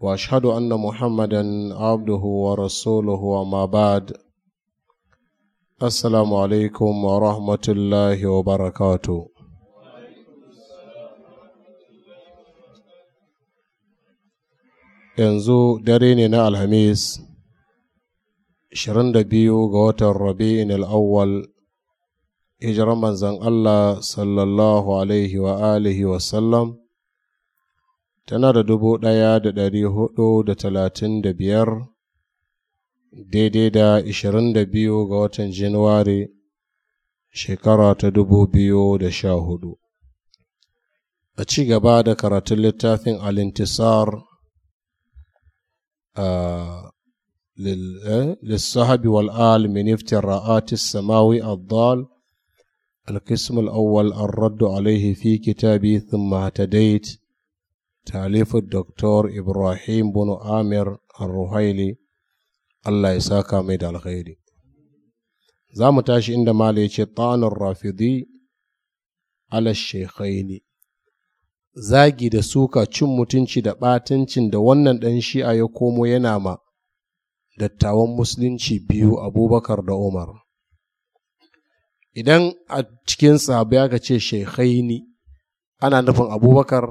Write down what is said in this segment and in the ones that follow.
واشهد ان محمدا عبده ورسوله وما بعد السلام عليكم ورحمه الله وبركاته yanzu dare ne na alhamis 22 ga watan rabi'in al'awwal hijiran manzan allah sallallahu alaihi wa alihi wasallam tana da dubu ɗaya da ɗari hudu da talatin da biyar daidai da ishirin da biyu ga watan Januari shekara ta dubu biyu da sha hudu a ci gaba da karatun littafin alintisar a eh, lissahabi wal'al miniftin ra'atis samawi addal القسم الأول الرد عليه في كتابي ثم اهتديت تأليف الدكتور إبراهيم بن عامر الرهيلي الله يساك ميد الخير زام تاشي عندما ليش طعن الرافضي على الشيخين zagi da suka cin mutunci da ɓatancin da wannan ɗan shi'a ya komo yana ma dattawan musulunci biyu abubakar da umar idan a cikin tsabi aka ce shekhaini ana nufin abubakar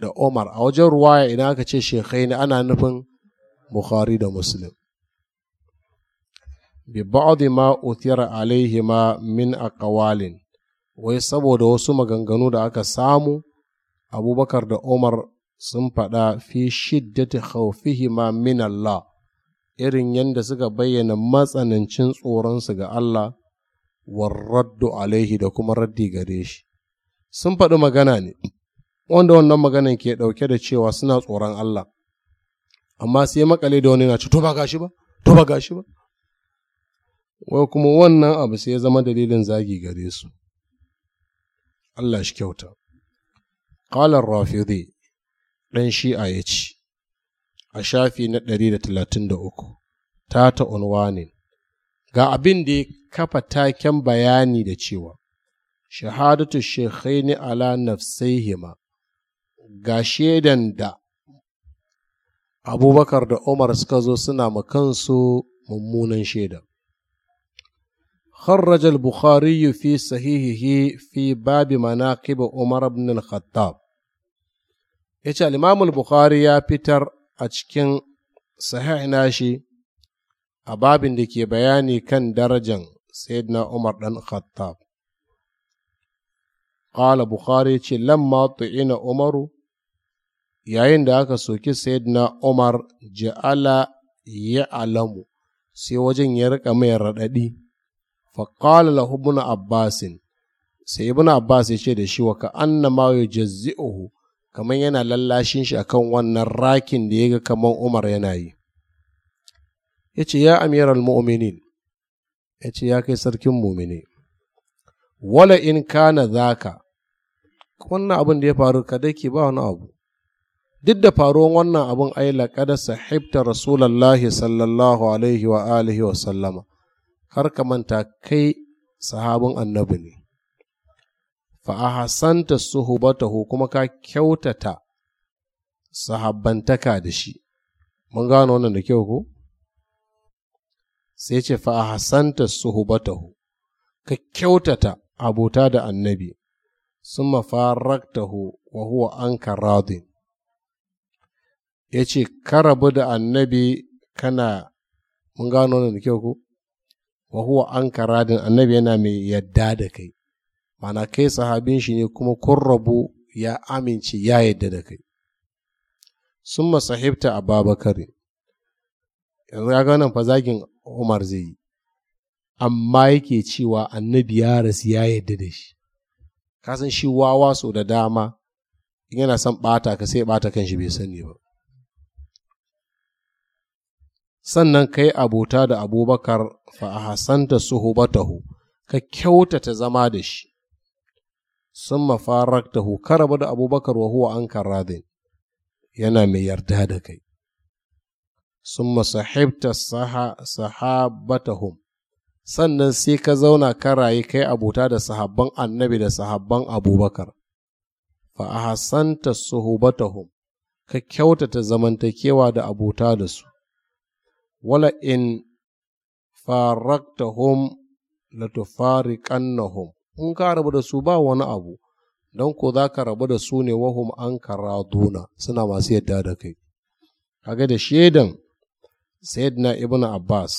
da Umar a wajen ruwaya idan aka ce shekai ne ana nufin Bukhari da Muslim. Bi ba'adhi ma uthira alaihima min aqwalin wai saboda wasu maganganu da aka samu Abubakar da Umar sun faɗa fi shiddati ma min Allah irin yadda suka bayyana matsanancin tsoronsu ga Allah warraddu alaihi da kuma raddi gare shi sun faɗi magana ne wanda wannan maganan ke ɗauke da cewa suna tsoron Allah amma sai makale da wani na ci to ba gashi ba to ba gashi ba wai kuma wannan abu sai ya zama dalilin zagi gare su Allah shi kyauta qalar rafidi ɗan shi'a ya ci a shafi na ɗari da 133 tata unwanin ga abin da ya kafa taken bayani da cewa shahadatu shekhaini ala nafsaihima ga shaidan da abubakar da umar suka zo suna ma kansu mummunan shaida خرج البخاري في صحيحه في باب مناقب عمر بن الخطاب yace al-Imam al-Bukhari ya fitar a cikin sahih nashi a babin da ke bayani kan darajan sayyidina Umar dan Khattab qala Bukhari yace lamma tu'ina Umaru yayin da aka soki sayyidina Umar ja'ala ya alamu sai wajen ya rika mai raɗaɗi faƙala lahu ibn abbasin sai ibn abbas ya ce da shi wa ka anna ma yujazzi'uhu kamar yana lallashin shi akan wannan rakin da ya ga kamar Umar yana yi ya ce ya amiral mu'minin ya ce ya kai sarkin mumini wala in kana ka. wannan abin da ya faru ka dake ba wani abu duk da faruwan wannan abin ai laƙada sahibta rasulallahi sallallahu alaihi wa alihi wa sallama har ka manta kai sahabin annabi ne fa'ahasanta suhubatahu kuma ka kyautata sahabbantaka da shi mun gano wannan da kyau ko sai ce fa'ahasanta suhubatahu ka kyautata abota da annabi sun mafarartahu wa huwa an karadin ya ce karabu da annabi kana mun gano da kyau ko wa huwa an karadin annabi yana mai yadda da kai mana kai sahabin shi ne kuma kun rabu ya amince ya yadda da kai sun masahibta a babakari yanzu ya gano fa umar zai yi amma yake cewa annabi ya rasu ya yadda da shi kasan shi wawa so da dama in yana son ɓata ka sai ɓata kan shi bai sani ba sannan ka yi abota da abubakar fa a hasanta suhubatahu ka kyautata zama da shi sun mafaraktahu ka rabu da abubakar wa huwa an karradin yana mai yarda da kai sun masahibta sahabatahum sannan sai ka zauna ka rayu kai abota da sahabban annabi da sahabban abubakar fa a hasanta suhubatahum ka kyautata zamantakewa da abota da su wala in faraktahum latufariqannahum in ka rabu da su ba wani abu don ko za ka rabu da su ne wahum an karaduna suna masu yadda da kai kaga da shaidan sayyidina ibn abbas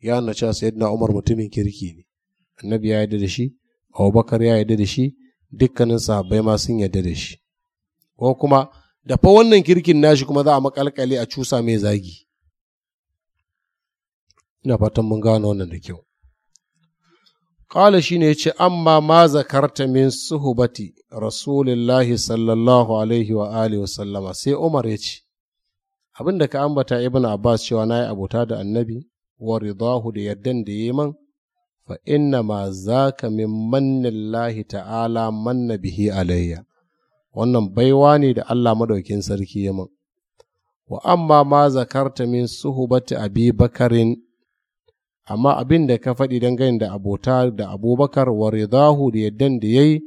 ya nace sayyidina umar mutumin kirki ne annabi ya yadda da shi abubakar ya yarda da shi dukkanin sahabbai ma sun yarda da shi ko kuma da fa wannan kirkin nashi kuma za a makalkale a cusa mai zagi ina fatan mun gano wannan da kyau kala shi ne ya ce amma ma zakarta min suhubati rasulillahi sallallahu alaihi wa alihi wasallama sai umar ya ce abin da ka ambata ibn abbas cewa na yi abuta da annabi wa ridahu da yardan da yi man fa inna ma za ka min mannillahi ta'ala manna bihi alayya wannan baiwa ne da allah madaukin sarki ya man wa amma ma zakarta min suhubati abi bakarin amma abin da ka faɗi dangane da abota da abubakar wa ridahu da yaddan da ya yi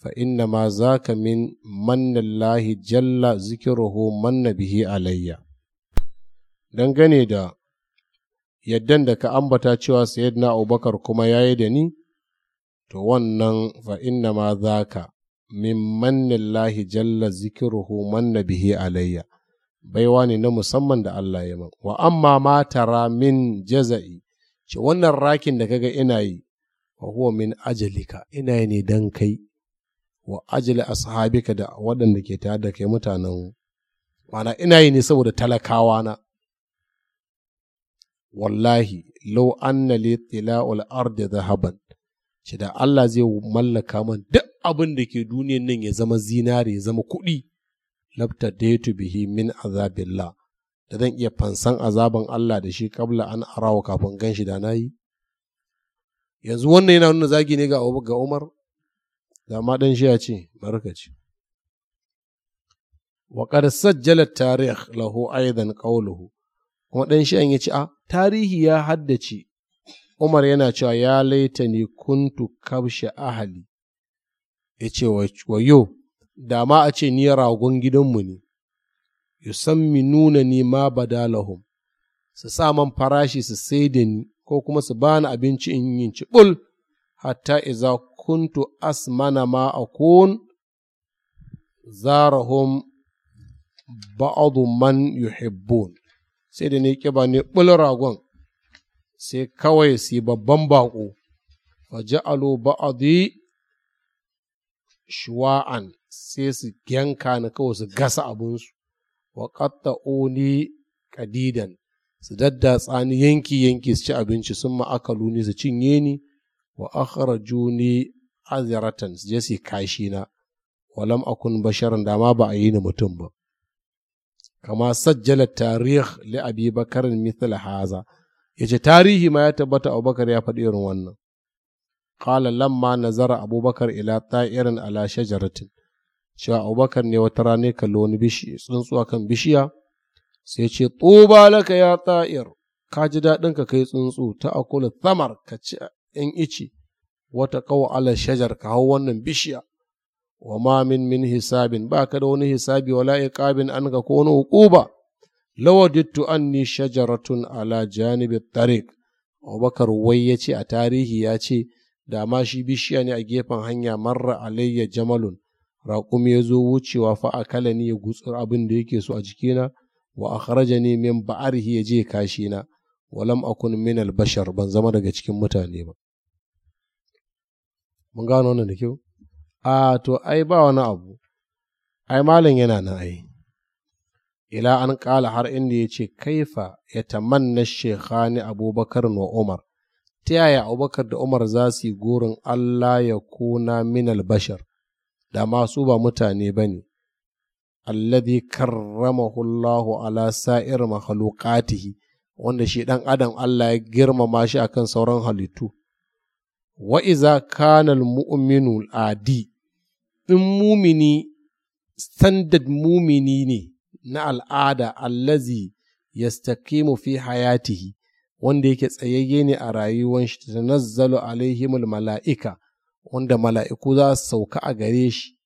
fa inna ma za ka min mannallahi jalla zikiruhu manna bihi alayya dangane da yaddan da ka ambata cewa sayyidina abubakar kuma ya yi da ni to wannan fa inna ma za ka min mannillahi jalla zikiruhu manna bihi alayya baiwa ne na musamman da Allah ya min wa amma ma tara min jaza'i ce wannan rakin da kaga ina yi wa huwa min ajalika ina yi ne dan kai wa ajali ashabika da waɗanda ke tare da kai mutanen mana ina yi ne saboda talakawa na wallahi law anna li tila'ul ardi dhahaban ce da Allah zai mallaka man duk abin da ke duniyan nan ya zama zinari ya zama kuɗi labta daitu bihi min azabillah da zan iya fansan azaban Allah da shi kabla an arawa kafin gan shi da na yi yanzu wannan yana nuna zagi ne ga Umar da ma dan shi ya ce barkaci wa qad sajjala tarikh lahu aidan qawluhu kuma ɗan shi an ci a ah, tarihi ya haddace Umar yana cewa ya laita ni kuntu kabsha ahali ya ce wa yo da ma a ce ni ragon gidanmu ne yusammi nuna ni ma badalahum su sa man farashi su sai da ni ko kuma su bani abinci in yin cibul hatta iza kuntu asmana ma akun zarahum ba'adu man yuhibbun sai da ni kiba ne bul ragon sai kawai su babban baƙo faja'alu ba'adi shuwa'an sai su yanka ni kawai su gasa abinsu wa qatta'uni ƙadidan su daddatsa ni yanki yanki su ci abinci sun ma'akalu ni su cinye ni wa akhraju ni su je su kashi na walam akun basharan da ma ba a yi ni mutum ba kama sajjala tarih li abi bakarin haza yace tarihi ma ya tabbata abubakar ya faɗi irin wannan qala lamma nazara abubakar ila irin ala shajaratin cewa abubakar ne wata rana kalli wani bishi tsuntsuwa kan bishiya sai ce tsuba laka ya ta'ir ka ji daɗin ka kai tsuntsu ta akula Samar ka ci in ici wata kawo ala shajar ka hau wannan bishiya wa ma min hisabin ba ka da wani hisabi wala iqabin an ka ko wani hukuba lawadittu anni shajaratun ala janibi tariq abubakar wai ya ce a tarihi ya ce da shi bishiya ne a gefen hanya marra alayya jamalun raƙumi ya zo wucewa fa a kala ni ya gutsu abin da yake so a jikina wa kharaja ni min ba'arhi ya je kashi na walam akun min albashar ban zama daga cikin mutane ba mun gano wannan da kyau a to ai ba wani abu ai malam yana nan ai ila an kala har inda ya ce kaifa ya tamanna shekhani abubakar wa umar ta yaya abubakar da umar za su yi gurin allah ya kuna min bashar da ma su ba mutane ba ne alladhi karramahullahu ala sa'ir makhluqatihi wanda shi ɗan adam Allah ya girmama shi a kan sauran halittu wa iza kanal almu'minu adi in mumini standard mumini ne na al'ada allazi yastaqimu fi hayatihi wanda yake tsayayye ne a rayuwar shi ta nazzalo alaihimul mala'ika wanda mala'iku za su sauka a gare shi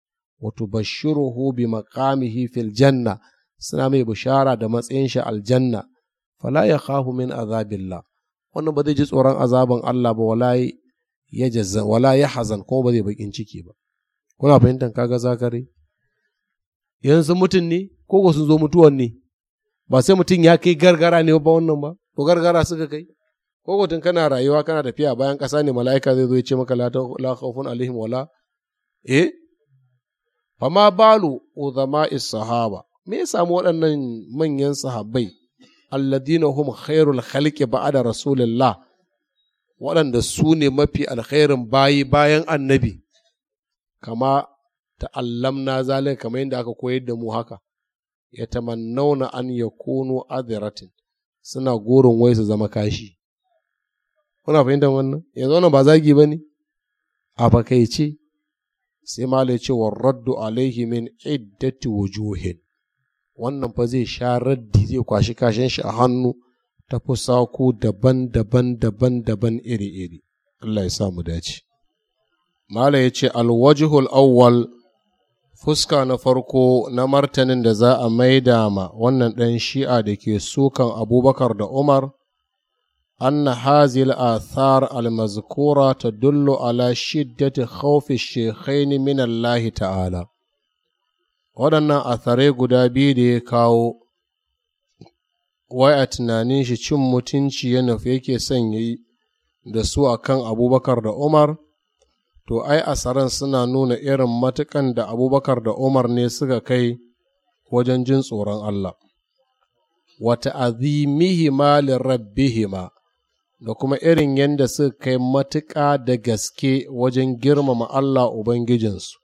wato hu bi maqamihi fil janna suna mai bishara da matsayin shi aljanna fala ya kahu min azabillah wannan ba zai ji tsoron azaban Allah ba wala ya hazan ko ba zai bakin ciki ba kuna fahimtar kaga zakare yanzu mutum ne ko sun zo mutuwan ne ba sai mutum ya kai gargara ne ba wannan ba ko gargara suka kai ko tun kana rayuwa kana tafiya bayan ƙasa ne mala'ika zai zo ya ce maka la khawfun alaihim wala eh ma balu uzama sahaba me ya samu waɗannan manyan sahabbai alladina hum khairul khalqi ba'da rasulillah waɗanda su ne mafi alkhairin bayi bayan annabi kama ta'allamna zalika kamar yadda aka koyar da mu haka ya tamannauna an yakunu adiratin suna goron wai su zama kashi kuna fahimtar wannan yanzu wannan ba zagi ba ne a fakaice sai mala ya ce wa raddu alaihi min iddati wujuhin wannan fa zai sha raddi zai kwashi kashin shi a hannu ta fusako daban-daban daban-daban iri-iri Allah ya samu dace mala ya ce alwajihul awwal fuska na farko na martanin da za a maida ma wannan ɗan shi'a da ke sukan abubakar da umar أن هذه الآثار المذكورة تدل على شدة خوف الشيخين من الله تعالى waɗannan atharai guda biyu da ya kawo wai a tunanin shi cin mutunci ya nufi yake son yi da su akan abubakar da umar to ai asaran suna nuna irin matukan da abubakar da umar ne suka kai wajen jin tsoron allah wata azimihima lirabbihima da kuma irin yadda suka kai matuƙa da gaske wajen girmama Allah Ubangijinsu,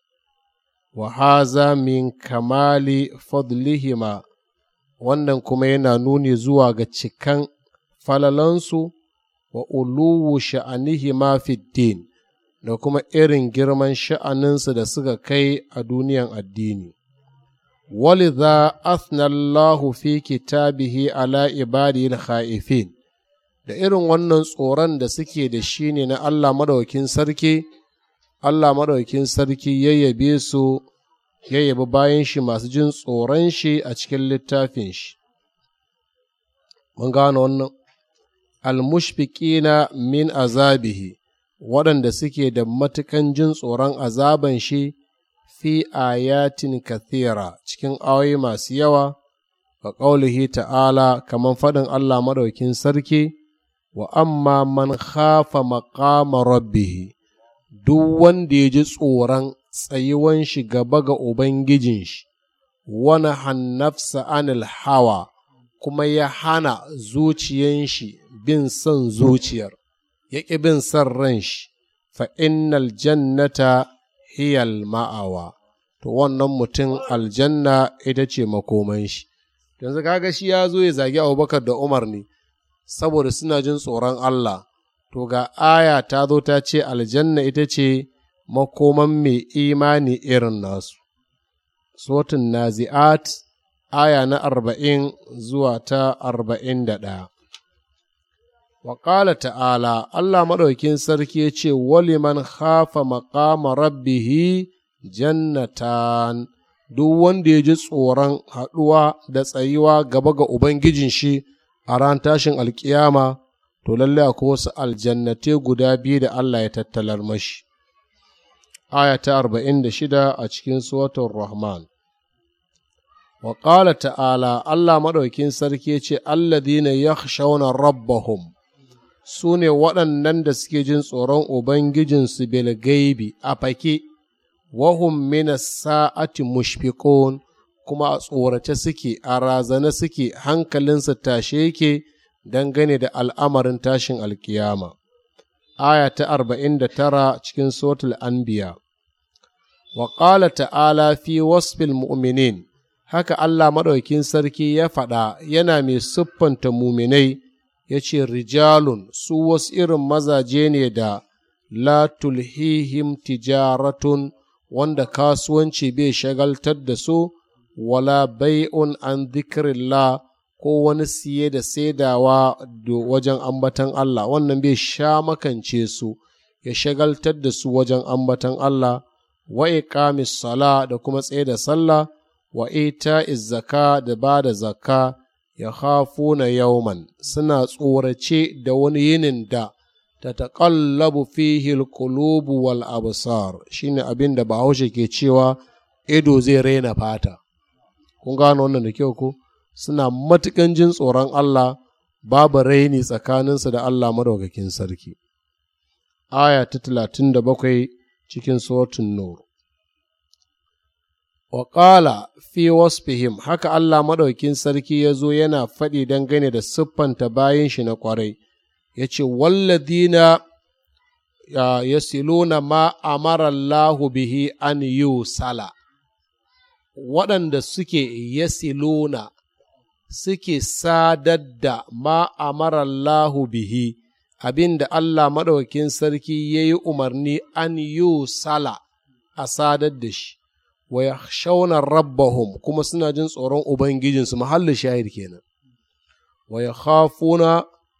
wa haza min kamali fadlihima wannan kuma yana nuni zuwa ga cikan falalansu wa uluwu sha'anihima fiddin da kuma irin girman sha'aninsu da suka kai a duniyan addini. ولذا أثنى الله في كتابه على عباده الخائفين da irin wannan tsoron da suke da shi ne na Allah maɗaukin sarki, Allah maɗaukin sarki yabe su yabi bayan shi masu jin tsoron shi a cikin littafin shi. Mun gano wannan, na min azabihi waɗanda suke da matukan jin tsoron azaban shi fi ayatin kathira cikin ayoyi masu yawa, ga ƙaulihi ta'ala kamar faɗin Allah maɗaukin sarki. wa amma man khafa maqama duk wanda ya ji tsoron tsayuwan shi gaba ga ubangijin shi wani hannafsa anil hawa kuma ya hana zuciyan shi bin son zuciyar ya ƙi bin son ran shi fa innal jannata hiyal ma'awa to wannan mutum aljanna ita ce makoman shi yanzu kaga shi ya zo ya zagi abubakar da umar ne saboda suna jin tsoron Allah, to ga aya ta zo ta ce aljanna ita ce makoman mai imani irin nasu. Sotin Nazi'at aya na arba'in zuwa ta arba'in da ɗaya. Waƙala ta'ala, Allah maɗaukin sarki ya ce, Waliman hafa maƙama rabbihi jannatan, duk wanda ya ji tsoron haɗuwa da tsayuwa gaba ga Ubangijin shi, a ran tashin alkiyama to lalle akwai wasu aljannate guda biyu da Allah ya tattalar mashi aya ta arba'in da shida a cikin suwatar rahman wa ƙala ta'ala Allah maɗaukin sarki ce dina ya shauna rabbahum su ne waɗannan da suke jin tsoron Ubangijinsu bil gaibi a fake, wahum mina sa'ati mushfikon kuma a tsorace suke a razane suke hankalinsa tashe yake dangane da al'amarin tashin alkiyama. Aya ta arba'in da tara cikin Sotul Anbiya Wa ƙala ta'ala fi wasfil mu'uminin, haka Allah maɗaukin sarki ya faɗa yana mai siffanta muminai ya ce, Rijalun su wasu irin mazaje ne da la tulhihim tijaratun wanda kasuwanci bai shagaltar da su wala bai'un an dhikrillah ko wani siye da saidawa wajen ambatan Allah wannan bai sha makance su ya shagaltar da su wajen ambatan Allah wa iqamis sala da kuma tsaye da sallah wa ita'iz zaka da ba da zakka ya khafuna yauman suna tsorace da wani yinin da tataqallabu fihi alqulubu wal absar shine abinda Bahaushe ke cewa ido zai raina fata kun gano wannan da kyau ko suna matukan jin tsoron Allah babu raini tsakaninsu da Allah madaukakin sarki aya ta talatin da bakwai cikin suratun nur waƙala fi wasfihim haka Allah maɗaukin sarki ya zo yana faɗi dangane da siffanta bayan shi na kwarai. ya ce walladina ya siluna ma amara Allahu bihi an yusala waɗanda suke yasiluna suke sadar da ma amarallahu bihi abinda Allah maɗaukin sarki ya yi umarni an yi sala a sadar da shi wa ya shauna rabbahum kuma suna jin tsoron ubangijinsu mahallin shahid kenan wa ya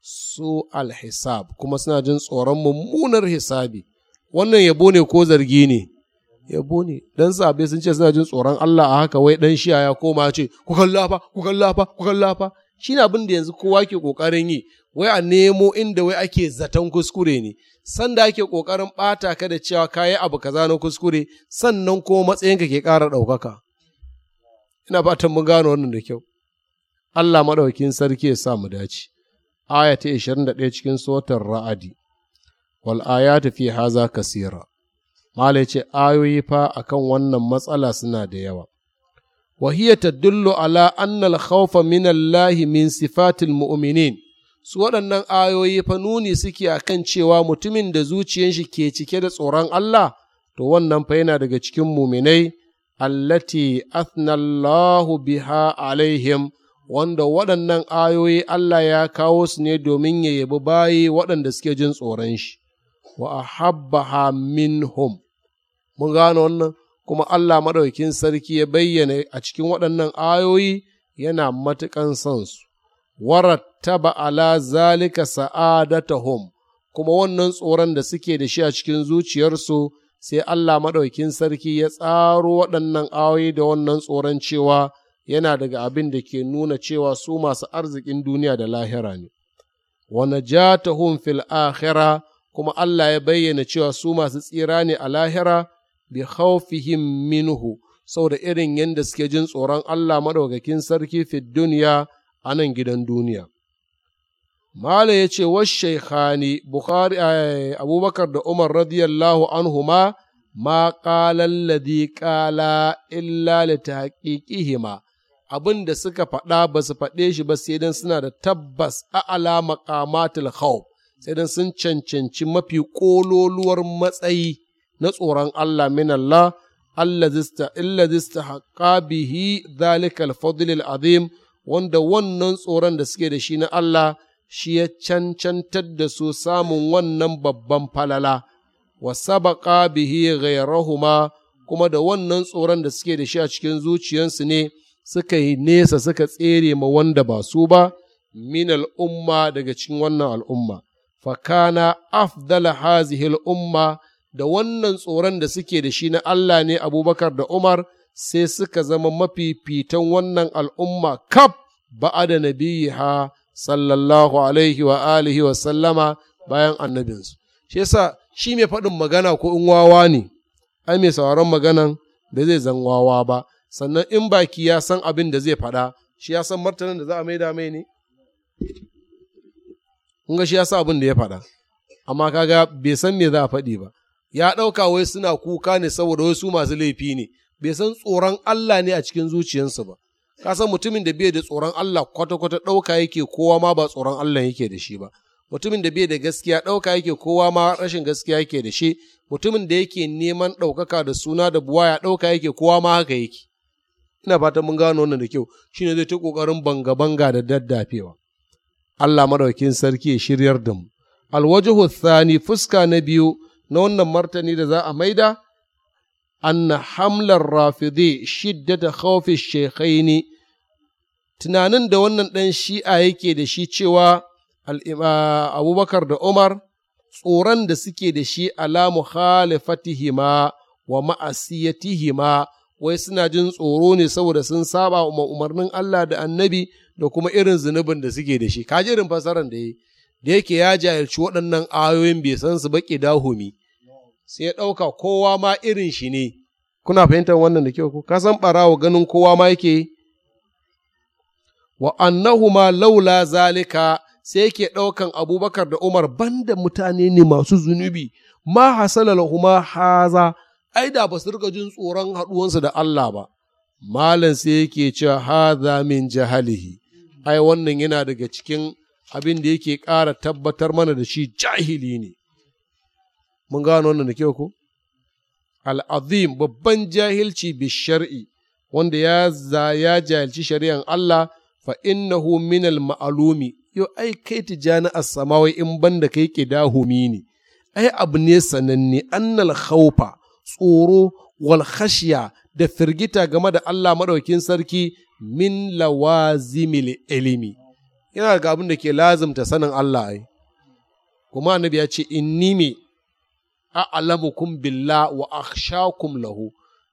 su alhisab kuma suna jin tsoron mummunar hisabi wannan yabo ne ko zargi ne yabo ne dan sabe sun ce suna jin tsoron Allah a haka wai dan shiya ya koma ce ku kalla fa ku kalla fa ku kalla fa shine abin da yanzu kowa ke kokarin yi wai a nemo inda wai ake zaton kuskure ne sanda ake kokarin bata ka da cewa kayi abu kaza na kuskure sannan ko matsayinka ke ƙara ɗaukaka ina fatan mun gano wannan da kyau Allah maɗaukin sarki ya sa mu dace aya 21 cikin sotar ra'adi wal ayatu fi haza kasira Mala ce ayoyi fa a kan wannan matsala suna da yawa. ta ta ala annal الخوف min الله min sifatil mu'minin. su waɗannan ayoyi fa nuni suke a kan cewa mutumin da zuciyan shi ke cike da tsoron Allah to wannan fa yana daga cikin muminai allati athnallahu biha alaihim wanda waɗannan ayoyi Allah ya kawo su ne domin ya yabi bayi waɗanda suke jin tsoron shi wa ahabbaha minhum mun gano wannan kuma Allah maɗaukin sarki ya bayyana a cikin waɗannan ayoyi yana matukan son su warattaba ala zalika sa'adatahum kuma wannan tsoron da suke da shi a cikin zuciyarsu sai Allah maɗaukin sarki ya tsaro waɗannan ayoyi da wannan tsoron cewa yana daga abin da ke nuna cewa su masu arzikin duniya da lahira ne wa najatahum fil akhirah kuma Allah ya bayyana cewa su masu tsira ne a lahira bi khawfihim minhu saboda irin yadda suke jin tsoron Allah maɗaukakin sarki fi duniya a nan gidan duniya. Mala ya ce, Washaikhani, Bukhari, eh, Abubakar da Umar radiyallahu anhu ma ƙalan ladi ƙala illa li taƙiƙihima, abin da suka faɗa ba su faɗe shi ba sai dan suna da tabbas a'ala maqamatul khawf sai dan sun cancanci mafi ƙololuwar matsayi na tsoron Allah min Allah zista haƙa bihi zalikal fadlil azim wanda wannan tsoron da suke da shi na Allah shi ya cancantar da su samun wannan babban falala wa sabaqa bihi ghayrahuma kuma da wannan tsoron da suke da shi a cikin zuciyarsu ne suka yi nesa suka tsere ma wanda ba su ba min al'umma daga cikin wannan al'umma fakana afdala hazihi umma. da wannan tsoron da suke da shi na Allah ne abubakar da Umar sai suka zama mafifitan wannan al'umma kaf ba'a da ha sallallahu alaihi wa alihi wa sallama bayan annabinsu. Shi yasa shi mai faɗin magana ko in wawa ne, ai mai sauran maganan da zai zan wawa ba, sannan in baki ya san abin da zai faɗa, shi ya san martanin da za a maida mai ne? Kun ga shi ya sa abin da ya faɗa, amma kaga bai san me za a faɗi ba. ya ɗauka wai suna kuka ne saboda wai su masu laifi ne bai san tsoron Allah ne a cikin zuciyarsa ba ka san mutumin da bai da tsoron Allah kwata-kwata ɗauka yake kowa ma ba tsoron Allah yake da shi ba mutumin da bai da gaskiya ɗauka yake kowa ma rashin gaskiya yake da shi mutumin da yake neman ɗaukaka da suna da buwaya ɗauka yake kowa ma haka yake ina fatan mun gano wannan da kyau shine zai ta kokarin banga-banga da daddafewa Allah madaukin sarki ya shiryar da mu alwajhu thani fuska na biyu na wannan martani da za a maida anna hamlar rafidi shiddata shekai ne. tunanin da wannan ɗan shi'a yake da shi cewa abubakar da umar tsoron da suke da shi ala mukhalifatihima wa ma'asiyatihima wai suna jin tsoro ne saboda sun saba wa umarnin Allah da annabi da kuma irin zunubin da suke da shi kaji irin fasaran da yi da yake ya jahilci waɗannan ayoyin bai san su baƙi dahumi sai ya ɗauka kowa ma irin shi ne kuna fahimtar wannan da kyau ko ka san ɓarawa ganin kowa ma yake wa annahu ma laula zalika sai yake ɗaukan abubakar da umar banda mutane ne masu zunubi ma hasala lahuma haza ai da ba su rika jin tsoron haɗuwansu da Allah ba malam sai yake cewa haza min jahalihi ai wannan yana daga cikin abin da yake ƙara tabbatar mana da shi jahili ne mun gano wannan da kyau ko al'azim babban jahilci bi shar'i wanda ya za ya jahilci shari'an Allah fa innahu min al ma'alumi yo ai kai tijani as-samawai in banda kai ke kidahumi ne ai abu ne sananne annal khawfa tsoro wal khashiya da firgita game da Allah madaukin sarki min lawazimil ilimi yana ga abin da ke lazimta sanin Allah ai kuma annabi ya ce inni me a'lamukum billah wa akhshakum lahu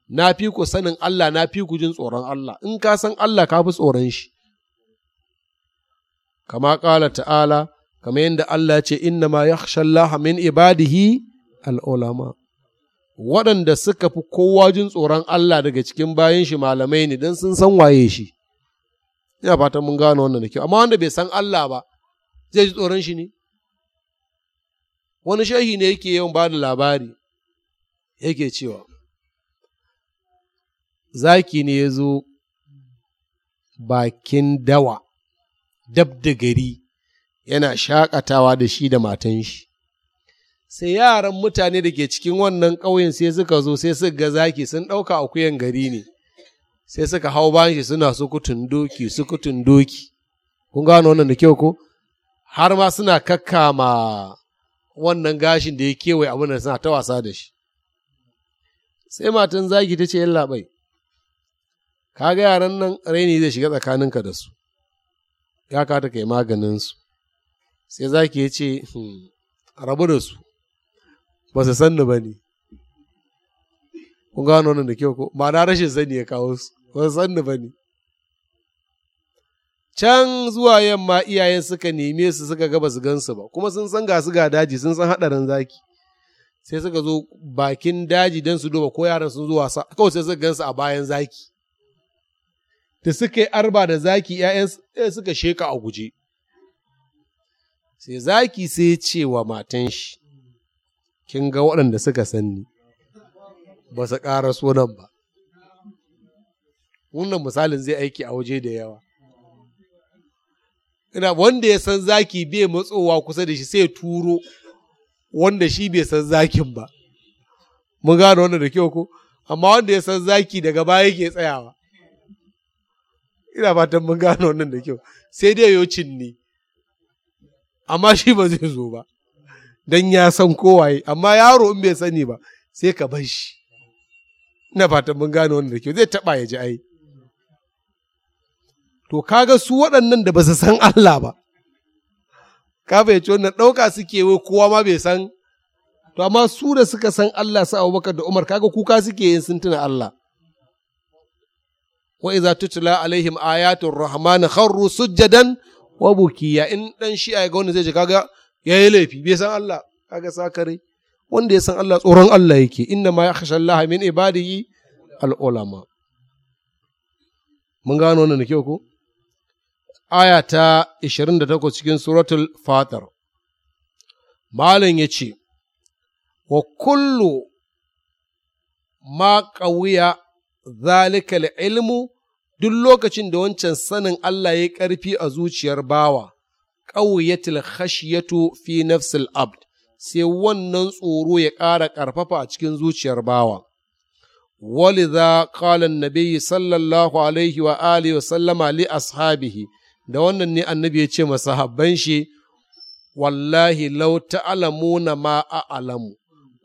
na fi ku sanin Allah na fi ku jin tsoron Allah in ka san Allah ka fi tsoron shi kama kala ta'ala kama yadda Allah ce inna ma Allah min ibadihi al'ulama waɗanda suka fi kowa jin tsoron Allah daga cikin bayan shi malamai ne don sun san waye shi ya fatan mun gane wannan da kyau amma wanda bai san Allah ba zai ji tsoron shi ne wani shehi ne yake yawan ba da labari yake cewa zaki ne ya zo bakin dawa dab da gari yana shakatawa da shi da matan shi sai yaran mutane da ke cikin wannan ƙauyen sai suka zo sai suka ga zaki sun ɗauka akuyan gari ne sai suka hau bayan shi suna sukutun doki sukutun doki kun gano wannan da kyau ko har ma suna kakkama wannan gashin da ya kewaye abin da suna ta wasa da shi sai matan zagi ta ce yin labai ka ga yaran nan raini zai shiga tsakaninka da su ya kata kai maganin su sai zaki ya ce hmm, rabu da su ba su san ni ba ne kun gano wannan da kyau ko ma na rashin sani ya kawo su ba san ni ba ne can zuwa yamma iyayen suka neme su suka gaba su gansu ba kuma sun san ga su ga daji sun san haɗarin zaki sai suka zo bakin daji don su duba ko yaran sun zo wasa kawai sai suka gansu a bayan zaki da suka yi arba da zaki ‘ya'yan eh, suka sheka a guje sai zaki sai ce wa matan shi kin ga waɗanda suka sanni ba su ƙara sunan ba wannan misalin zai aiki a waje da yawa ina wanda ya san zaki bai matsowa kusa da shi sai turo wanda shi bai san zakin ba mun gano wannan da kyau ko amma wanda ya san zaki daga baya yake tsayawa ina fatan mun gano wannan da kyau sai dai yo cinni amma shi ba zai zo ba dan ya san kowaye amma yaro in bai sani ba sai ka bar shi ina fatan mun gano wannan da kyau zai taba ya ji ai to kaga su waɗannan da ba su san Allah ba ka fahimci wannan ɗauka suke wai kowa ma bai san to amma su da suka san Allah su Abubakar da Umar kaga kuka suke yin sun tuna Allah wa iza tutla alaihim ayatul rahman kharru sujjadan wa bukiya in dan shi ga wanda zai ji kaga yayi laifi bai san Allah kaga sakare wanda ya san Allah tsoron Allah yake inna ma yakhsha Allah min ibadihi al ulama mun gano wannan ne ko aya ta 28 cikin suratul fatar. Malin ya ce, Wa kullu ma ƙauya zalikal ilmu duk lokacin da wancan sanin Allah ya ƙarfi a zuciyar bawa, ƙauyatil khashiyatu fi nafsil abd, sai wannan tsoro ya ƙara ƙarfafa a cikin zuciyar bawa. ولذا قال النبي صلى الله عليه وآله وسلم لأصحابه da wannan ne annabi ya ce masahabban shi wallahi lau na ma a'lamu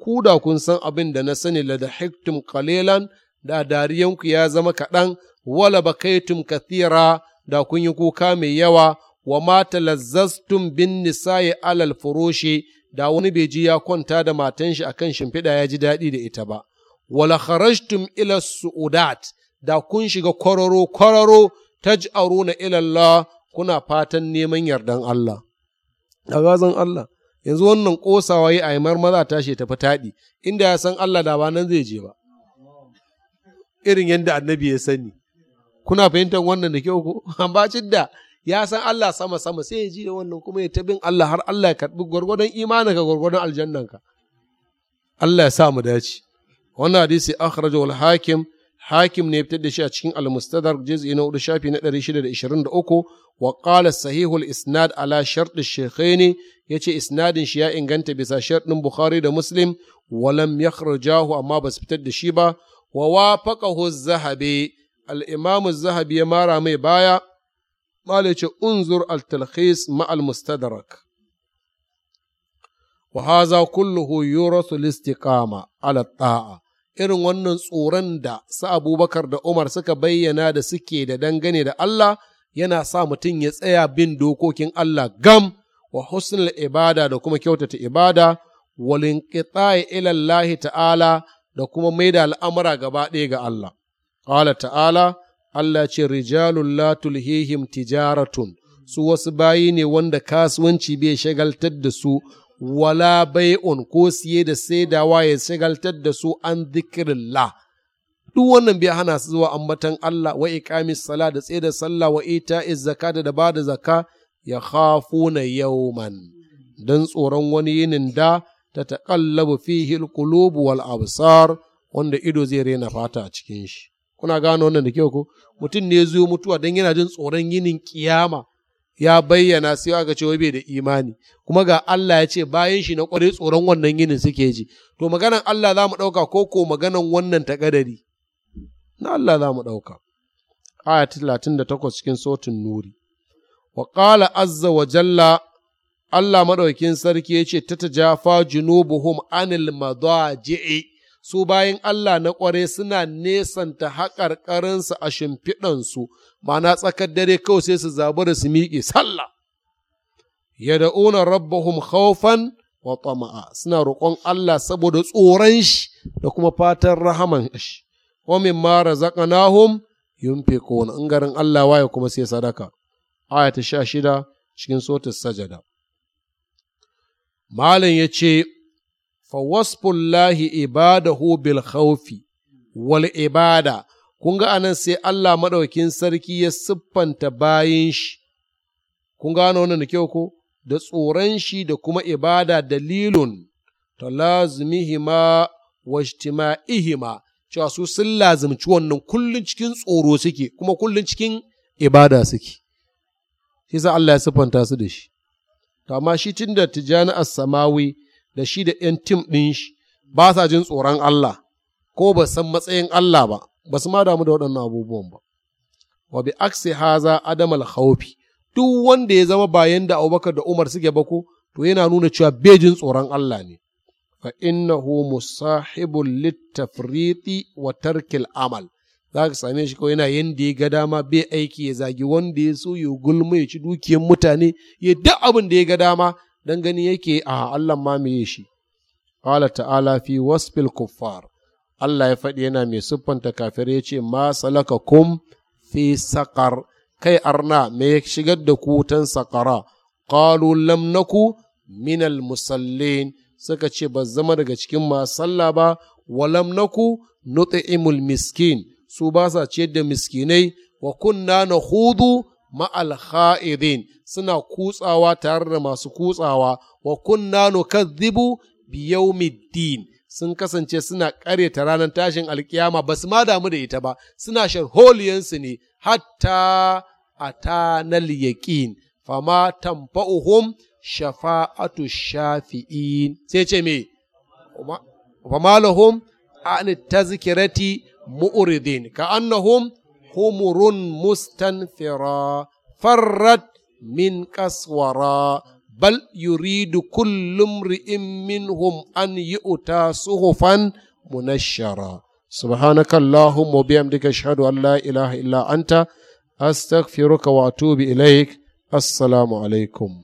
ku da kun san abin da na sani la da hiktum kalilan da dariyanku ya zama kaɗan wala bakaitum kathira da kun yi kuka mai yawa wa mata lazzastum bin nisa'i alal furoshi da wani bai ji ya kwanta da matan shi akan shimfiɗa ya ji daɗi da ita ba wala kharajtum ila su'udat da kun shiga kwararo kwararo taj'aruna ila Allah kuna fatan neman yardan Allah a gazan Allah yanzu wannan ƙosawa yi a maza tashi tafi taɗi inda ya san Allah da ba nan zai je ba irin yadda annabi ya sani kuna fahimtar wannan da kyau ko amma da ya san Allah sama sama sai ya ji da wannan kuma ya tabin Allah har Allah ya karɓi gwargwadon ka gwargwadon aljannanka Allah ya sa mu dace wannan hadisi akhrajahu al-hakim hakim ne fitar da shi a cikin al-mustadrak na hudu shafi na 623 wa qala sahihul isnad ala shart ash ne yace isnadin shi ya inganta bisa shartin bukhari da muslim wa lam yakhrujahu amma bas fitar da shi ba wa wafaqahu az-zahabi al-imam ya mara mai baya mala yace unzur al-talkhis ma al-mustadrak wa hadha kulluhu yurasu al-istiqama ala at irin wannan tsoron da su abubakar da umar suka bayyana da suke da dangane da Allah yana sa mutum ya tsaya bin dokokin Allah gam wa husnul ibada da kuma kyautata ibada walin ilallahi ta'ala da kuma mai da al'amura gaba ɗaya ga Allah. ala ta'ala, Allah ce rijalun la tulhihim tijaratun, su wasu bayi ne wanda kasuwanci bai shagaltar da su wala bai'un ko siye da saidawa ya shagaltar da su an zikirillah duk wannan bai hana su zuwa ambatan Allah wa iqamis sala da tsaye da sallah wa iz zaka da bada da zaka ya khafuna yawman dan tsoron wani yinin da ta taqallabu fihi alqulub wal absar wanda ido zai rena fata a cikin shi kuna gano wannan da kyau ko mutum ne ya mutuwa dan yana jin tsoron yinin kiyama ya bayyana sai aka ce wai bai da imani kuma ga Allah ya ce bayan shi na kwarai tsoron wannan yinin suke ji to maganan Allah za mu ɗauka ko ko maganan wannan takadari na Allah za mu ɗauka aya talatin da takwas cikin sautin nuri wa ƙala azza wa jalla Allah maɗaukin sarki ya ce ta ta jafa junubuhum anil madaji'i su bayan Allah na ƙware suna nesanta haƙarƙarinsu a shimfiɗansu, mana tsakar dare kawai sai su da su miƙe sallah. da'una rabbahum haufan wa tama'a suna roƙon Allah saboda tsoron shi da kuma fatan rahaman shi wa mimma razaqnahum yunfiquna in garin Allah waye kuma sai sadaka aya ta shida cikin sotar sajada malam ce. fa ibada ibadahu bil khawfi wal ibada kun ga anan sai Allah maɗaukin sarki ya siffanta bayan shi kun gano wannan da kyau ko da tsoron shi da kuma ibada dalilun talazmihima wa ijtima'ihima cewa su sun lazimci wannan kullun cikin tsoro suke kuma kullun cikin ibada suke shi Allah ya siffanta su da shi to amma shi tunda tijani as-samawi da shi da ‘yan tim ɗin shi ba sa jin tsoron Allah ko ba san matsayin Allah ba ba su ma damu da waɗannan abubuwan ba wa bi aksi haza adamal haufi duk wanda ya zama bayan da Abubakar da Umar suke bako to yana nuna cewa bai jin tsoron Allah ne fa innahu musahibul littafriti wa tarkil amal za ka same shi kawai yana yanda ya ga dama bai aiki ya zagi wanda ya so ya gulma ya ci dukiyar mutane ya duk abin da ya ga dama dan gani yake a Allah ma me shi qala ta'ala fi wasfil kuffar Allah ya faɗi yana mai siffanta kafir ya ce ma salaka kum fi saqar kai arna me ya shigar da ku tan saqara qalu lam naku minal musallin suka ce ba zama daga cikin ma sallah ba lam naku nut'imul miskin su ba sa ciyar da miskinai wa kunna na hudu ma'al kha'idin suna kutsawa tare da masu kutsawa wa kunna zibu bi yawmiddin sun kasance suna ƙaryata ranar tashin alkiyama ba su ma damu da ita ba suna sharholiyansu ne hatta atanal yaqin fama tanfa'uhum shafa'atu shafi'in sai ce me fama lahum an tazkirati mu'ridin ka annahum humurun mustanfira farrat min kaswara bal yuridu kullum ri'in minhum an yi'uta suhufan munashara subhanaka allahumma bihamdika ashhadu an la ilaha illa anta astaghfiruka wa atubu ilaik assalamu alaikum